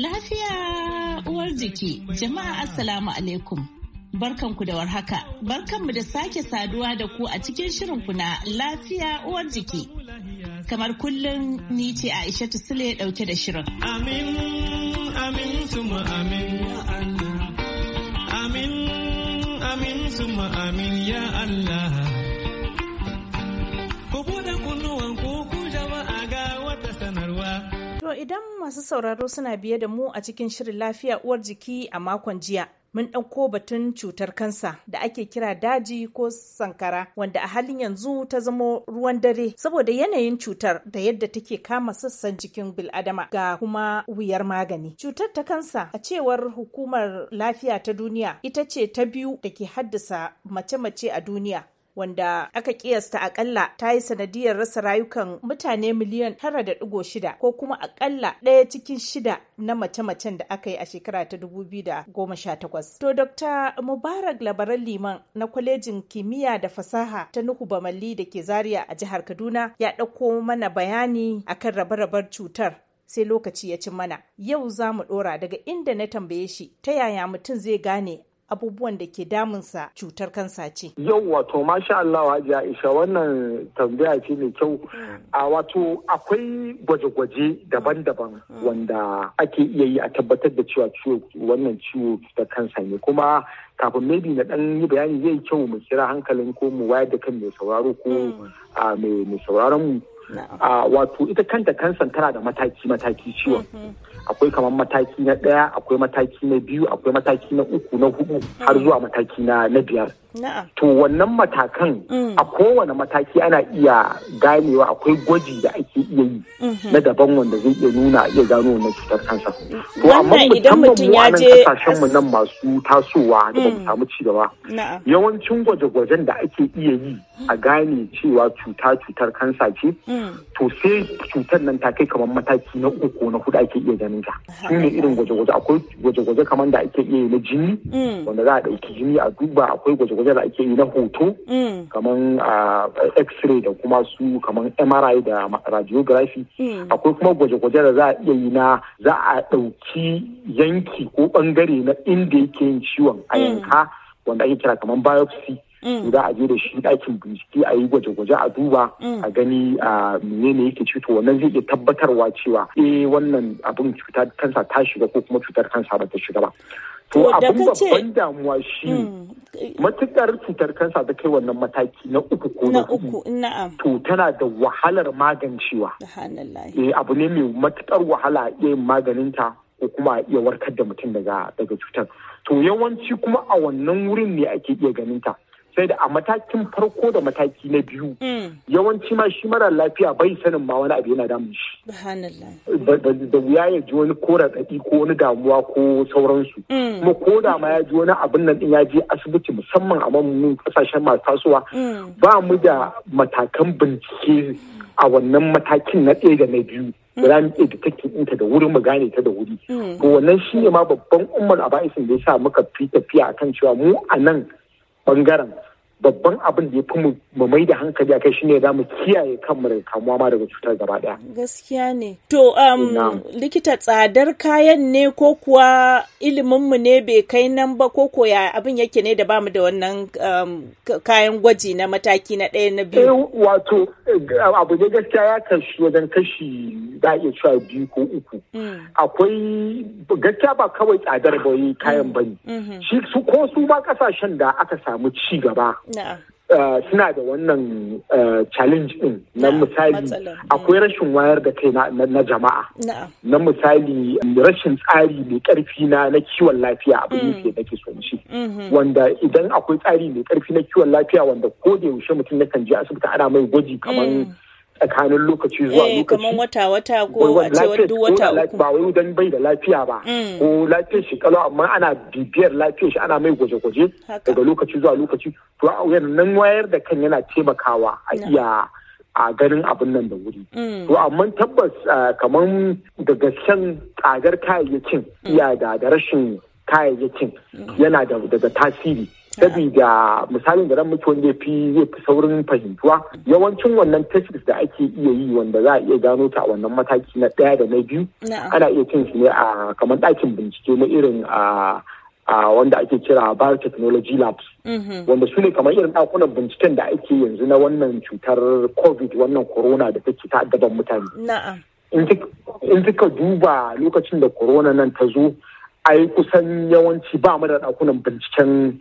Lafiya uwar jiki, jama'a Assalamu alaikum. Barkanku da warhaka, barkanmu da sake saduwa da ku a cikin shirin na lafiya uwar jiki. Kamar kullum ni ce Aishatu Sule dauke da shirin. Amin, amin, suma amin ya Allah. Amin, amin, suma amin ya Allah. To idan masu sauraro suna biye da mu a cikin shirin lafiya uwar jiki a makon jiya. Mun ɗauko batun cutar kansa da ake kira daji ko sankara wanda a halin yanzu ta zamo ruwan dare saboda yanayin cutar da yadda take kama sassan jikin bil'adama ga kuma wuyar magani. Cutar ta kansa a cewar hukumar lafiya ta duniya ita ce ta biyu da ke haddasa mace-mace a duniya wanda aka kiyasta akalla ta yi sanadiyar rasa rayukan mutane miliyan shida ko kuma akalla ɗaya cikin shida na mace-macen da aka yi a shekara ta dubu biyu da goma sha takwas. To Dr. Mubarak Labaran Liman na kwalejin kimiyya da fasaha ta Nuhu Bamalli da ke Zaria a jihar Kaduna ya ɗauko mana bayani akan rabe-raben cutar sai lokaci ya ci mana. Yau za mu ɗora daga inda na tambaye shi ta yaya mutum zai gane abubuwan da ke damunsa cutar kansa ce. Yau wato masha Allah Hajiya Aisha wannan tambaya ce mai kyau. Mm. A wato akwai gwaje-gwaje daban-daban mm. wanda ake iya yi a tabbatar da cewa wannan ciwo cutar kansa ne kuma kafin maybe na dan yi bayani zai kyau mu kira hankalin ko mu wayar da kan mai sauraro ko mm. ah, mai sauraron mu a ah, wato ita kanta kansan tana da mataki mataki ciwon mm-hmm. akwai kamar mataki na ɗaya akwai mataki na biyu akwai mataki na uku na hudu har mm-hmm. zuwa mataki na biyar To wannan matakan mm. a kowane mataki ana iya ganewa akwai gwaji da ake iya yi mm-hmm. na daban wanda zai iya nuna iya gano wannan cutar kansa. To amma musamman mu a kasashen mu nan masu tasowa da ba mu mm. samu ci gaba. Yawancin gwaje-gwajen da ake iya yi a gane cewa cuta cutar kansa ce mm. to sai cutar nan ta kai kamar mataki na uku na hudu ake iya ganin ta. Su ne irin gwaje-gwaje akwai gwaje-gwaje kamar da ake iya yi na jini wanda za a ɗauki jini a duba akwai gwaje gwaje-gwaje da ake yi na hoto mm. kamar x-ray da kuma su kamar mri da radiography mm. akwai kuma gwaje-gwaje da za a iya yi na za a ɗauki yanki ko ɓangare na inda yake yin ciwon a mm. yanka wanda ake kira kamar biopsy za a je da shi ɗakin bincike a yi gwaje-gwaje a duba a gani a menene yake cuto wannan zai iya tabbatarwa cewa eh wannan abin cutar kansa ta shiga ko kuma cutar kansa ba ta shiga ba to abin babban damuwa shi matukar cutar kansa ta kai wannan mataki na uku ko na uku to tana da wahalar magancewa eh abu ne mai matukar wahala a iya maganin ta ko kuma a iya warkar da mutum daga daga cutar to yawanci kuma a wannan wurin ne ake iya ganin ta sai da a matakin farko da mataki na biyu mm. yawanci ma shi mara lafiya bai sanin ma wani abu yana damun shi da wuya ya ji wani kora raɗaɗi ko wani damuwa ko sauransu mm. kuma ko da ma ya ji wani abin nan ya je asibiti musamman a mamunin kasashen masu tasowa mm. ba mu da matakan bincike a wannan matakin na ɗaya da na biyu da za mu iya detecting ɗinta da wuri mu gane ta da wuri to wannan shi ne ma babban umar a ba'isin da ya sa muka fi tafiya akan cewa mu a nan Bangaran. babban abin da ya fi mu mai da hankali a kai shine za mu kiyaye kanmu daga kamuwa ma daga cutar gaba daya. Gaskiya ne. To um, likita tsadar kayan ne ko kuwa ilimin mu ne bai kai nan ba ko koya abin yake ne da ba mu da wannan um, kayan gwaji na mataki na ɗaya na biyu. Eh, wato eh, abu ne gaskiya ya kashi wajen kashi za iya cewa biyu ko uku. Mm. Akwai gaskiya ba kawai tsadar ba eh, kayan mm. bane. Mm-hmm. Shi su ko su ma kasashen da aka samu ci gaba. Eh, suna da wannan eh, challenge din na misali mm. akwai rashin wayar da kai na jama'a na misali rashin tsari mai karfi na kiwon lafiya abin ne mm. da ke so shi mm-hmm. wanda idan akwai tsari mai karfi na kiwon lafiya wanda ko da yaushe mutum kan je asibiti ana mai gwaji kamar mm. tsakanin lokaci zuwa eh, lokaci. kamar wata wata ko a ce duk wata uku. Ba wai dan bai da lafiya ba. Mm. Ko lafiyar shi kalau amma ana bibiyar lafiyar shi ana mai gwaje-gwaje daga lokaci zuwa lokaci. To a nan wayar da kan yana taimakawa a iya a ganin abin nan da wuri. Mm. To amma tabbas kamar daga shan tsadar kayayyakin mm. iya da rashin kayayyakin yana daga tasiri. Sabida misalin da ran muke wanda ya fi zai fi saurin fahimtuwa yawancin wannan tests da ake iya yi wanda za a iya gano ta a wannan mataki na ɗaya da na biyu ana iya cin su ne a kamar ɗakin bincike na irin a wanda ake kira biotechnology labs mhm. wanda su ne kamar irin ɗakunan binciken da ake yanzu na wannan cutar covid wannan corona da take ta'addaban mutane in kika duba lokacin da corona nan ta zo a yi kusan yawanci ba mu da ɗakunan binciken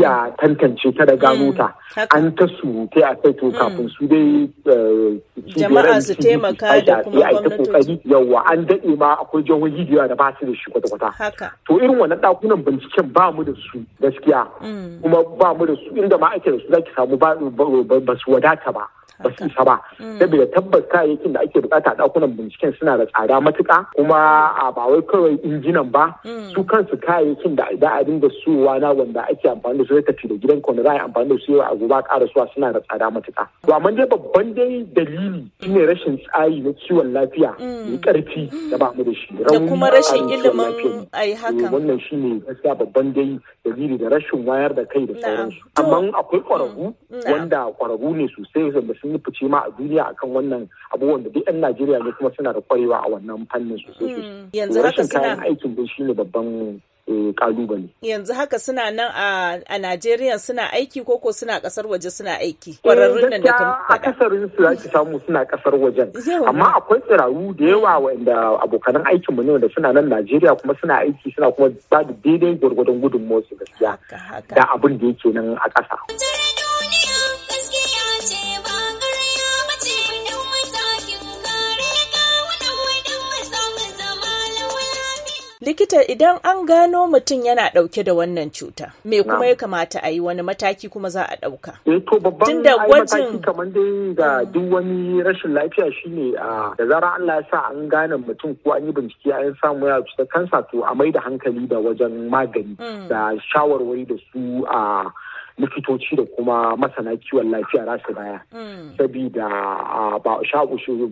ya tantance ta da gano mm, ta an ta su a kai to mm. kafin su dai eh, jama'a su taimaka da kuma gwamnati yawa an daɗe ma akwai jihohi da da ba su da shi kwata-kwata to irin wannan ɗakunan binciken ba mu da su gaskiya mm. kuma ba mu da su inda ma ake da su zaki samu ba su wadata ba ba su isa ba saboda mm. tabbas kayayyakin da ake bukata a dakunan binciken suna da tsada matuka kuma a ba wai kawai injinan ba mm. su kansu kayayyakin da za a dinga suwa na wanda ake amfani da su ya tafi da gidan kwanu za a amfani da su yau a gobe a ƙara suwa suna da tsada matuka to amma dai babban dai dalili shine rashin tsayi na kiwon lafiya mm. mai karfi da ba mu da shi da kuma rashin ilimin ai haka eh, wannan shine gaskiya babban dai dalili da rashin wayar da kai da sauransu amma akwai ƙwararru wanda ƙwararru ne sosai sun yi fice ma a duniya akan wannan abubuwan da duk 'yan Najeriya ne kuma suna da kwarewa a wannan fannin sosai. Hmm, yanzu haka kayan aikin dai shine babban eh, kalubale. Yanzu haka suna nan a Najeriya suna aiki ko ko suna kasar waje suna aiki. Eh, Kwararrun nan da kan A kasarin su samu suna kasar wajen. Amma akwai tsiraru da yawa wanda abokanan aikin mu ne wanda suna nan Najeriya kuma suna aiki suna kuma ba da daidai gwargwadon gudunmuwar su gaskiya. Da abin da yake nan a ƙasa. likita idan an gano mutum yana ɗauke da wannan cuta me kuma ya kamata a yi wani mataki kuma za a ɗauka eh, to babban mataki kamar dai ga mm. duk wani rashin lafiya shine a da zara Allah ya sa an gane mutum ko an yi bincike an samu ya cutar kansa to a mai da hankali da wajen magani mm. da shawarwari da su a likitoci da kuma masana kiwon lafiya za baya. Mm. Sabida ba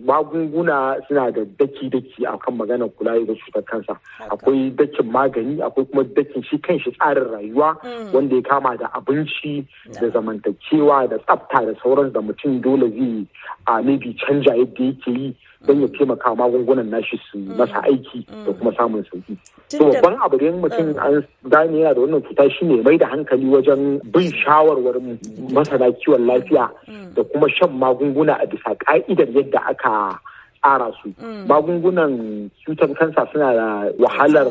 magunguna suna da daki-daki a kan maganar kula da cutar kansa. Akwai dakin magani, akwai kuma dakin shi kanshi tsarin rayuwa mm. wanda ya kama da abinci da zamantakewa da tsafta da sauran da mutum dole zai a maybe canja yadda yake yi. don ya taimaka magungunan nashi su mm. masa aiki da mm. kuma samun sauki. to babban abu da mm. mutum an gane yana da wannan cuta shine mai da hankali wajen bin shawarwarin masana kiwon lafiya da kuma shan magunguna a bisa ka'idar yadda aka tsara su. Magungunan cutar kansa suna da wahalar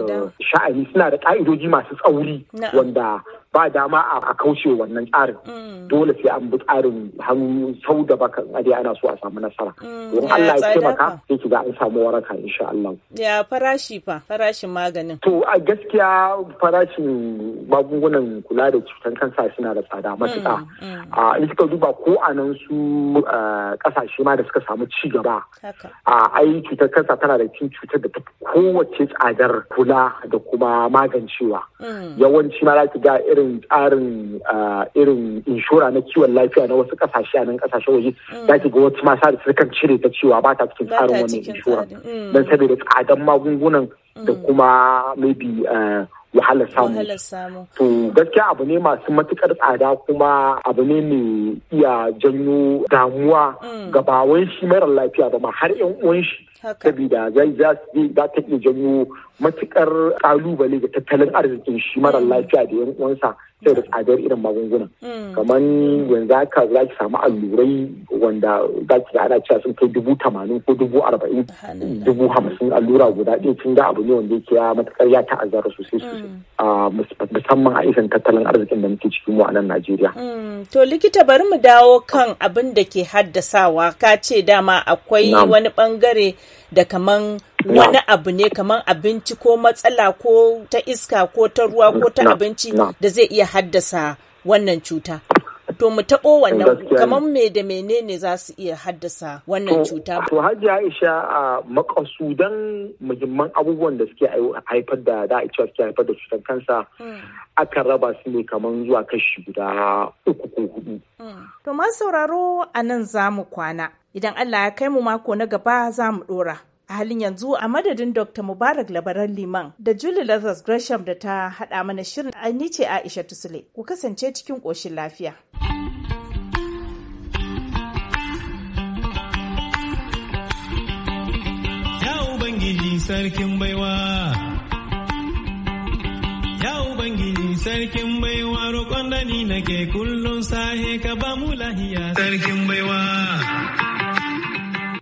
sha'ani suna da ka'idoji masu tsauri wanda ba dama a kaushe wannan tsarin mm. dole sai an bi tsarin hannu sau da baka ade ana so a samu nasara mm. don Allah ya taimaka sai kiga an samu waraka insha Allah ya farashi fa farashin maganin to a gaskiya farashin magungunan kula da cutar kansa suna da tsada matuƙa mm, a in suka duba ko a su kasashe ma da suka samu ci gaba a ai cutar kansa tana da cin cutar da ta kowace tsadar kula da kuma magancewa yawanci ma za ki ga irin irin tsarin ah, irin inshora na kiwon lafiya na wasu kasashe a nan kasashen waje mm. za ki ga wasu masu su kan cire ta cewa ba ta cikin tsarin wannan inshora mm. don saboda tsadan magungunan da mm. kuma maybe ah, wahalar samu. To gaskiya abu ne masu matukar tsada kuma abu ne mai iya janyo damuwa ga bawon shi mara lafiya ba ma har yan uwan shi Saboda zai za ta iya janyo matukar kalubale ga tattalin arzikin shi mara mm. lafiya da yan uwansa sai da tsadar irin magunguna. Mm. Kamar yanzu haka za ki samu allurai wanda za ki ga ana cewa sun kai dubu tamanin ko dubu arba'in dubu hamsin allura guda ɗaya tun da abu ne wanda yake ya matukar ya ta'azzara sosai sosai. Mm. Musamman a isan tattalin arzikin da muke cikin mu a nan Najeriya. To likita bari mu dawo kan abin da ke haddasawa ka ce dama akwai wani bangare da kaman wani abu ne kaman abinci ko matsala ko ta iska ko ta ruwa ko ta abinci da zai iya haddasa wannan cuta to mu taɓo wannan kamar me da menene za su iya haddasa wannan cuta. To Hajji Aisha a makasudan muhimman abubuwan da suke haifar da da cewa suke haifar da cutar kansa hmm. aka raba su ne kamar zuwa kashi guda uku ko hudu. Hmm. To masu sauraro a nan za mu kwana. Idan Allah ya kai mu mako na gaba za mu ɗora. a halin yanzu a madadin dr mubarak labaran liman da julie lazarus gresham da ta haɗa mana shirin ni ce aisha tusule ku kasance cikin ƙoshin lafiya. sarkin baiwa ya ubangiji sarkin baiwa roƙon da ni nake kullum sahe ka ba mu lahiya sarkin baiwa